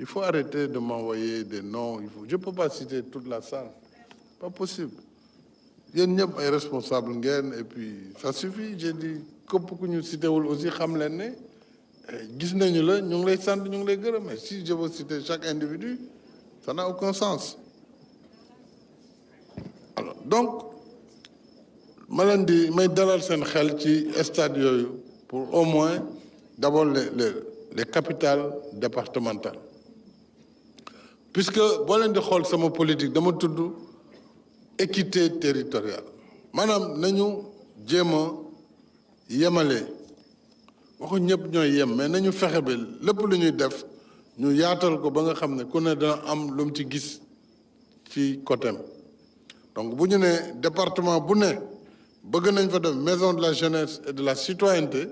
Il faut arrêter de m'envoyer des noms. Il faut... Je ne peux pas citer toute la salle. Pas possible. Il y a responsable responsables, et puis ça suffit j'ai dit pour que nous citions aussi xam leen ne les eh, la nous mais si je veux citer chaque individu ça n'a aucun sens donc malandé, vais dans may dalal stade pour au moins d'abord les capitales départementales puisque boo leen di xool sama politique dama tudd équité territoriale manam nañu jéem yemalé yemale waxu ñëpp ñooy yem mais nañu fexé ba lepp lu ñuy def ñu yaatal ko ba nga xamné ku ne dana am lu ci gis ci côté donc bu ñu nee département bu né bëgg nañ fa def maison de la jeunesse et de la citoyenneté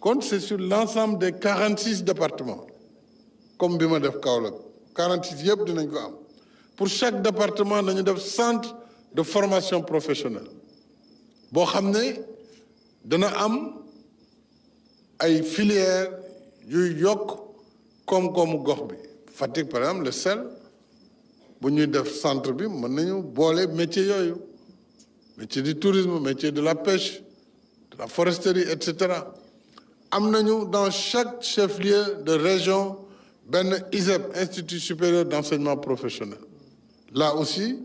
compte c'est sur l'ensemble des 46 départements comme bima def Kaolack ko pour chaque département nañu def centre de formation professionnelle boo xam ne dana am ay filières yuy yokk comme koomu gox bi par exemple le sel bu ñuy def centre bi mën nañu boole métier yooyu métier du tourisme métier de la pêche de la foresterie etc. cetera am dans chaque chef-lieu de région ben ISEP institut supérieur d'enseignement professionnel là aussi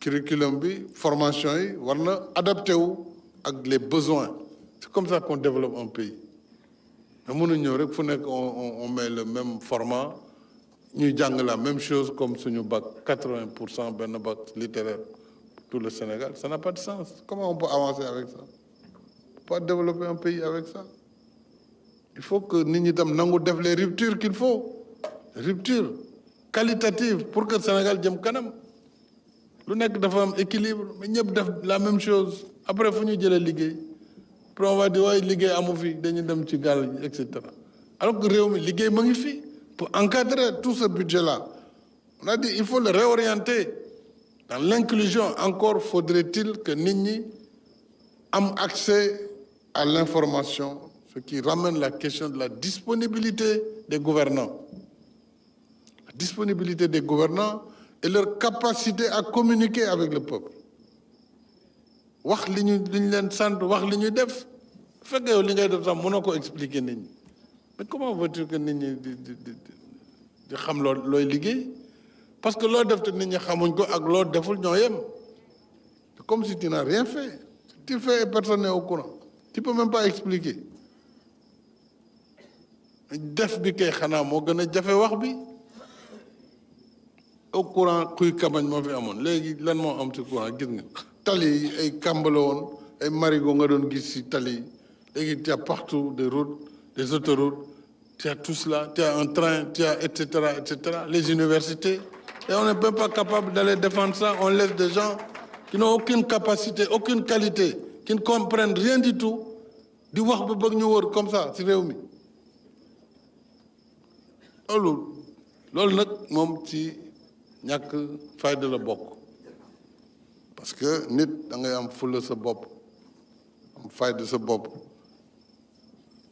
curriculum la formation on adapté les besoins C'est comme ça qu'on développe un pays Mais on met le même format nous la même chose comme si on quatre 80% de littéraire pour tout le Sénégal ça n'a pas de sens comment on peut avancer avec ça On pas développer un pays avec ça il faut que nous devions les ruptures qu'il faut rupture qualitative pour que le Sénégal jëm kanam lu dafa équilibre mais ñëpp def la même chose après que jëlé liggéey après on va dire way liggéey amu fi dañu dem ci gal alors que réew mi liggéey ma pour encadrer tout ce budget là on a dit il faut le réorienter dans l'inclusion encore faudrait-il que nous ñi am accès à l'information ce qui ramène la question de la disponibilité des gouvernants disponibilité des gouvernants et leur capacité à communiquer avec le peuple wax li ñu li leen sant wax li ñu def fekk li ngay def sax ko expliquer nit ñi mais comment veux-tu que nit ñi di di di xam lo loy liggéey parce que loo def te nit ñi xamuñ ko ak loo deful ñoo comme si tu n'as rien fait tu fais et personne n'est au courant tu peux même pas expliquer def bi kay xanaa moo gën a wax bi au courant kuy campagne mo fi amone legui lan mo am ci courant gis nga tali ay kàmbala ay marigo nga don gis ci tali partout des routes des autoroutes y a tout cela y a un train tu etc. et cetera et cetera les universités et on n'est même pas capable d'aller défendre ça on laisse des gens qui n'ont aucune capacité aucune qualité qui ne comprennent rien du tout di wax ba bëgg ñu wër comme ça ci réew mi lolu loolu nag moom ci ñàkk fayda la bok parce que nit da ngay am fulla sa bop am fayda sa bop.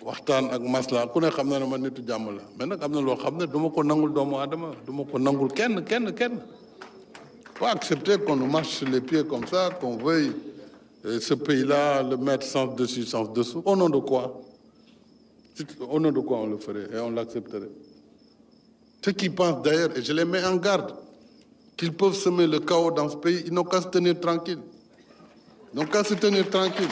waxtaan ak masla ku ne xam na ne ma nitu jàmm la mais nag am na loo xam ne du ko nangul doomu aadama du ko nangul kenn kenn kenn faut accepter qu'on nous marche sur les pieds comme ça qu'on veuille euh, ce pays-là le mettre sens dessus sens dessous au nom de quoi au nom de quoi on le ferait et on l'accepterait ceux qui pensent d'ailleurs et je les mets en garde qu'ils peuvent semer le chaos dans ce pays, ils n'ont qu'à se tenir tranquilles. Ils n'ont qu'à se tenir tranquille.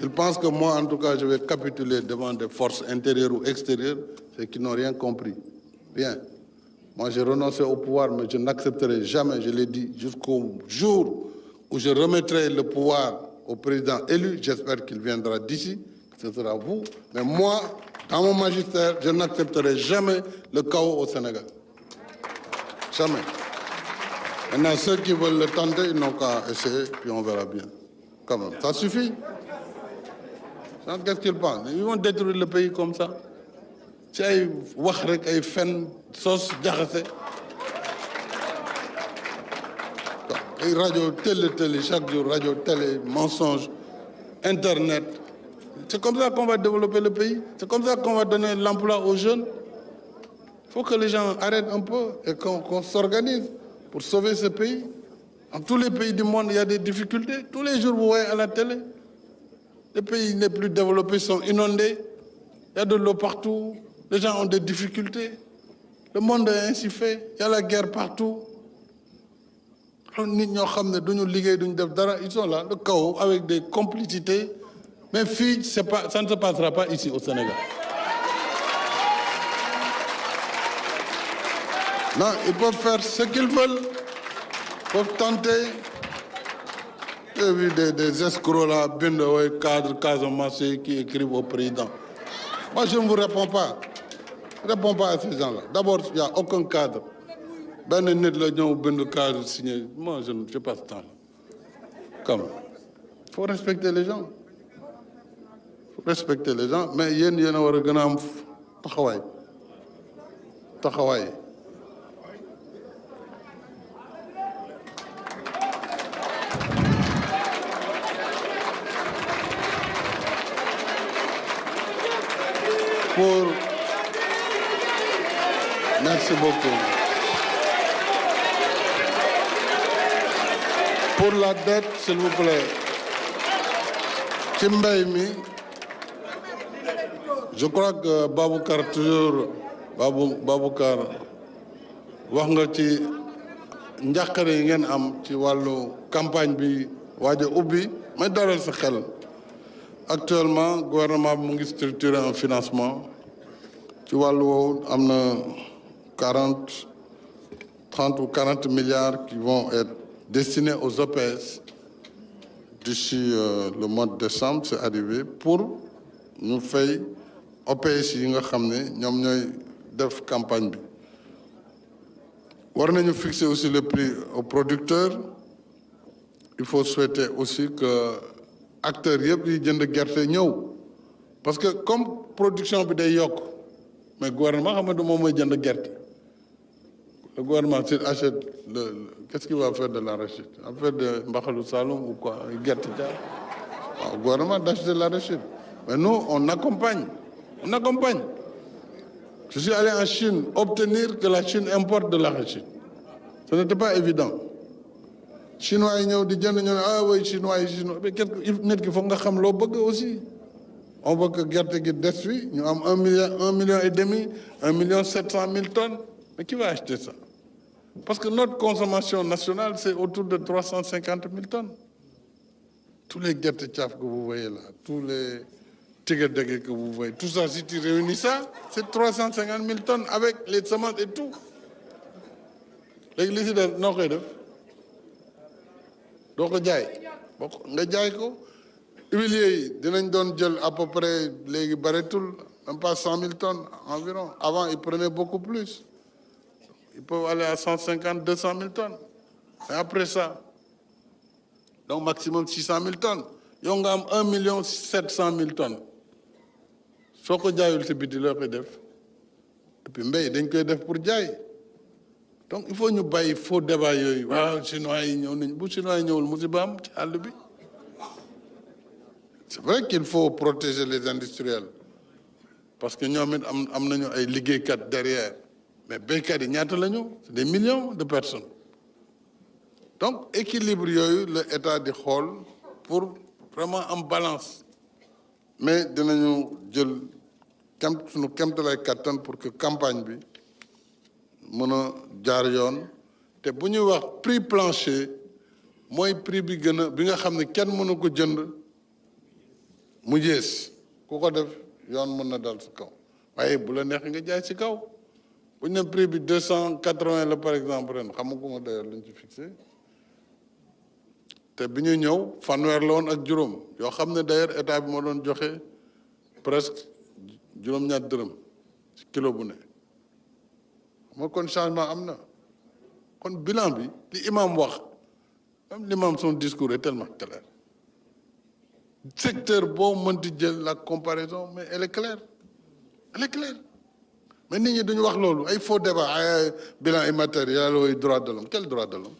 Ils pensent que moi, en tout cas, je vais capituler devant des forces intérieures ou extérieures, c'est qui n'ont rien compris. Bien. Moi, j'ai renoncé au pouvoir, mais je n'accepterai jamais, je l'ai dit, jusqu'au jour où je remettrai le pouvoir au président élu. J'espère qu'il viendra d'ici, ce sera vous. Mais moi, dans mon magistère, je n'accepterai jamais le chaos au Sénégal. Jamais. Maintenant, ceux qui veulent le tenter, ils n'ont qu'à essayer, puis on verra bien. Quand même, ça suffit. Qu'est-ce qu'ils pensent Ils vont détruire le pays comme ça. C'est ay wax rek ay fen sos jaxase Ils radio télé télé chaque jour radio télé mensonge internet c'est comme ça qu'on va développer le pays. C'est comme ça qu'on va donner l'emploi aux jeunes. Il faut que les gens arrêtent un peu et qu'on s'organise pour sauver ce pays. En tous les pays du monde, il y a des difficultés. Tous les jours, vous voyez à la télé, les pays les plus développés sont inondés. Il y a de l'eau partout. Les gens ont des difficultés. Le monde est ainsi fait. Il y a la guerre partout. Ils sont là, le chaos, avec des complicités. Mais filles, ça ne se passera pas ici au Sénégal. Non, ils peuvent faire ce qu'ils veulent. Ils peuvent tenter. J'ai vu des, des, escrocs là, cadres, cadre, casse-masse qui écrivent au président. Moi, je ne vous réponds pas. Je ne réponds pas à ces gens-là. D'abord, il n'y a aucun cadre. Ben, il n'y cadre signé. Moi, je ne passe pas ce temps-là. Il faut respecter les gens. respecter les gens mais yéen yéen wara gëna am taxaway taxaway pour merci beaucoup pour la dette s'il vous plaît ci mbay mi je crois que Baboukar toujours Babou Il wax nga ci njàqare yi ngeen am ci wàllu campagne bi waaj a ubbi may dalal sa xel actuellement gouvernement a ngi structuré un financement ci wàllu woowu 40 ou 40 milliards qui vont être destinés aux OPS d'ici euh, le mois de décembre c'est arrivé pour nous faisons OPS yi nga la campagne Nous fixons fixer aussi le prix aux producteurs il faut souhaiter aussi que acteurs viennent yi jënd gerte parce que comme production bi day yok, mais gouvernement ne nga pas de mooy jënd le gouvernement s'il achète qu'est-ce qu'il va faire de la en faire de au Saloum ou quoi gerte Le gouvernement d'acheter l'arachide mais nous, on accompagne. On accompagne. Je suis allé en Chine obtenir que la Chine importe de la richesse. Ce n'était pas évident. Chinois, ils ont dit, ah oui, Chinois, Chinois. Mais il faut que nous le aussi. On voit que Gerte détruit. Nous avons 1 million, 1 million et demi, 1 million 700 tonnes. Mais qui va acheter ça Parce que notre consommation nationale, c'est autour de 350 000 tonnes. Tous les Gerte que vous voyez là, tous les... Tout ça, si tu réunis ça, c'est 350 000 tonnes avec les semences et tout. L'église de Nokedev. Donc, on a on a des Il y a à peu près les 100 000 tonnes environ. Avant, ils prenaient beaucoup plus. Ils peuvent aller à 150, 200 000 tonnes. Et après ça, donc maximum 600 000 tonnes. Ils ont 1 700 000 tonnes soo ko jaayul si biti loo koy def et puis mbéy dañ koy def pour jaay donc il faut ñu bàyyi faux débat yooyu waaw chinois yi ñëw nañ bu chinois yi ñëwul musiba am ci àll bi c'est vrai qu'il faut protéger les industriels parce que ñoom it am am nañu ay liggéeykat derrière mais béykat yi ñaata la ñu c'est des millions de personnes donc équilibre yooyu la état di xool pour vraiment am balance mais dinañu jël kem suñu kemtalay kàttan pour que campagne bi mën a jaar yoon te bu ñuy wax prix plancher mooy prix bi gën a bi nga xam ne kenn mënu ko jënd mu yées ku ko def yoon mun na dal si kaw waaye bu la neex nga jaay si kaw bu ñu ne prix bi deux cent quatre-vingts la par exemple ren xamaguma d'ailleurs luñ ci fixé te bi ñuy ñëw fanweer la ak juróom yoo xam ne d'ailleurs état bi moo doon joxe presque juróom-ñaar dërëm kilo bu ne moo kon changement am na kon bilan bi li imam wax li l'imam son discours est tellement clair secteur boo mënti jël la comparaison mais elle est claire elle est claire mais nit ñi duñu wax loolu ay foo débat ay bilan immatériel yooyu droit de l'homme quel droit de l'homme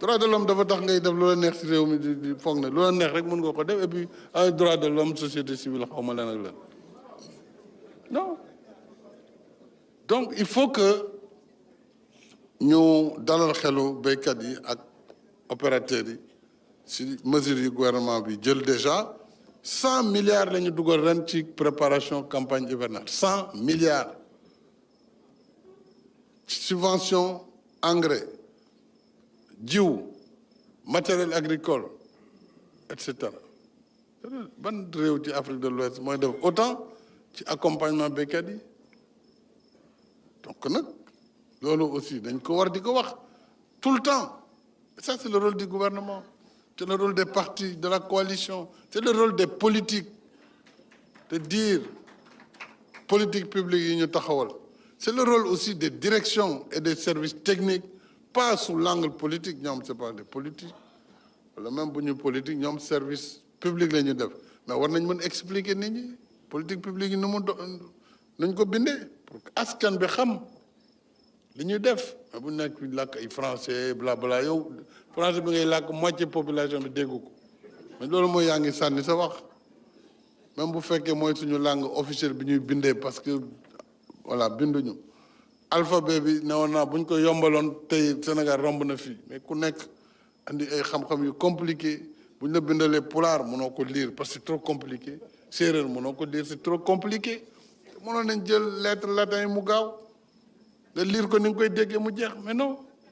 droit de l'homme dafa tax ngay def lu la neex di la neex rek def et puis ay droit de l'homme société civile ak non donc il faut que ñu dalal xelu béykat yi ak opérateurs yi si mesures yi gouvernement bi jël déjà 100 milliards la ñu dugal ren ci préparation campagne hivernale 100 milliards subvention engrais du matériel agricole etc. cetera ban de l'Ouest autant ci accompagnement Bécadi. donc aussi ko war tout le temps ça c'est le rôle du gouvernement c'est le rôle des partis de la coalition c'est le rôle des politiques de dire politique publique c'est le rôle aussi des directions et des services techniques pas sous l'angle politique ñoom c'est pas des politiques wala même bu politique ñoom service public la def mais war nañ mën expliquer nit politique publique yi nu mu do ko bindee pour que askan bi xam li def mais bu nekk làkk ay français bla bla yow français bi ngay moitié population bi dégg mais loolu mooy yaa ngi sànni sa wax même bu fekkee mooy suñu langue officielle bi ñuy bindee parce que voilà binduñu alphabet bi ne naa bu ñu yombaloon tey Sénégal romb na fii mais ku nekk andi ay xam yu compliqué bu ñu bindalee pulaar mënoo ko lire parce que c'est trop compliqué séeréer ko lire trop compliqué mënoon nañ jël lettre latin yi mu gaaw nga lire ni nga koy déggee mu jeex mais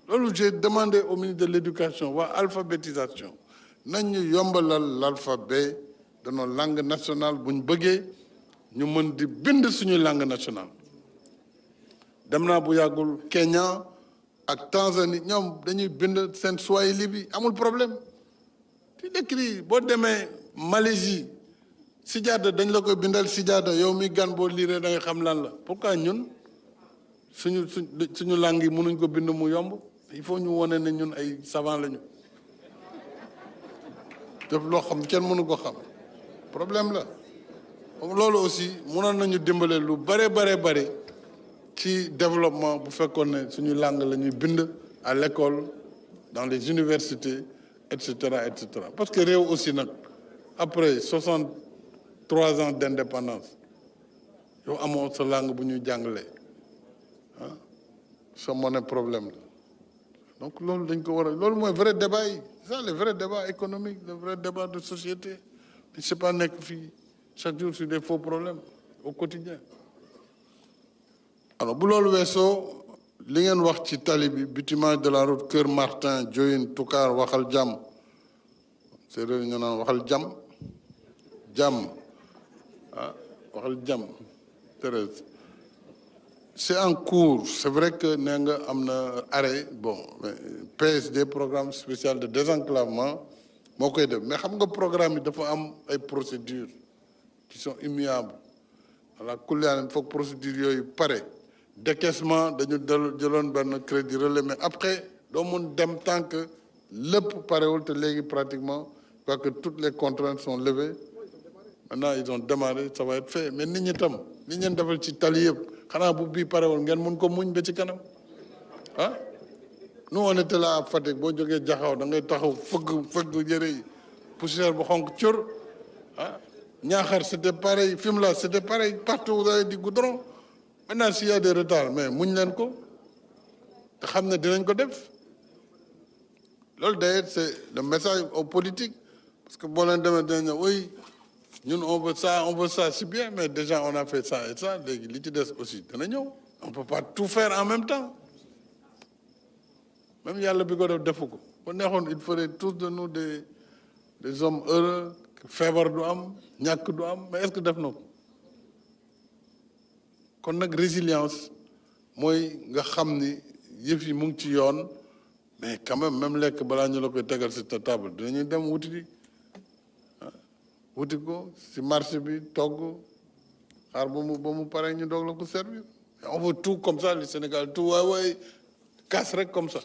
loolu j'ai demandé au ministre de l'éducation waa alphabétisation nañ ñu yombalal l'alphabet de nos langues nationales bu ñu bëggee ñu mën di bind suñu langue nationale dem bu Kenya ak Tanzanie ñoom dañuy bind seen soi amul problème boo Malaisie vous dañ la koy bindal yow mi gan boo da nga xam lan la pourquoi ñun suñu suñu langue yi mënuñ ko bind mu yomb il faut ñu wane ne ñun ay savant lañu def loo xam kenn mënu ko xam problème la loolu aussi mënoon nañu dimbale lu bare bare bare qui développement pour faire connaître suñu langue à l'école dans les universités etc. parce que aussi après 63 ans d'indépendance yow amoo sa langue bu nous jàngalee ah sa problème donc loolu dañ ko vrai débat C'est ça le vrai débat économique le vrai débat de société c'est pas nekk fii chaque jour sur des faux problèmes au quotidien alors bu loolu weesoo li ngeen wax ci tali le bâtiment de la route cœur Martin Diohine Toukar, waxal C'est séeréer ñu naan waxal Jam, Djam. ah waxal djam Thérèse c'est en cours c'est vrai que nous avons arrêté. arrêt bon PSD programme spécial de désenclavement Mais vous savez mais xam nga programme il dafa am ay procédures qui sont immuables faut que les procédures soient pare décaissement dañu de crédit relais mais après do mon dem tant que le pratiquement parce que toutes les contraintes sont levées maintenant ils ont démarré ça va être fait mais tam defal ci tali bu ko muñ ci ah? nous on était là à Fatick de joggé jaxaw da ngay taxaw poussière bu xonk ah? c'était pareil c'était pareil partout vous avez du goudron maintenant s'il y a des retards mais muñ len ko te ne dinañ ko def c'est le message aux politiques parce que bon, ñun on veut ça on veut ça c'est bien mais déjà on a fait ça et ça les li aussi on ne on peut pas tout faire en même temps même yalla bi ko def defu ko bu il ferait tous de nous des hommes heureux feebar du am ñak du am mais est-ce que def na kon nag résilience mooy nga xam ni yëf yi mu ngi ci mais quand même même lekk balaa ñu la koy tegal si ta table dinañu dem wuti di ah, wuti ko si marché bi togg xaar ba mu ba mu pare ñu doog la ko servir on veut tout comme ça le Sénégal tout waay waay casse rek comme ça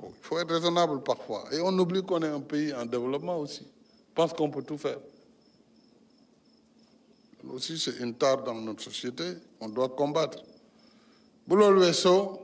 il faut être raisonnable parfois et on oublie qu'on est un pays en développement aussi je pense qu'on peut tout faire aussi c'est une tare dans notre société, on doit combattre. boulot le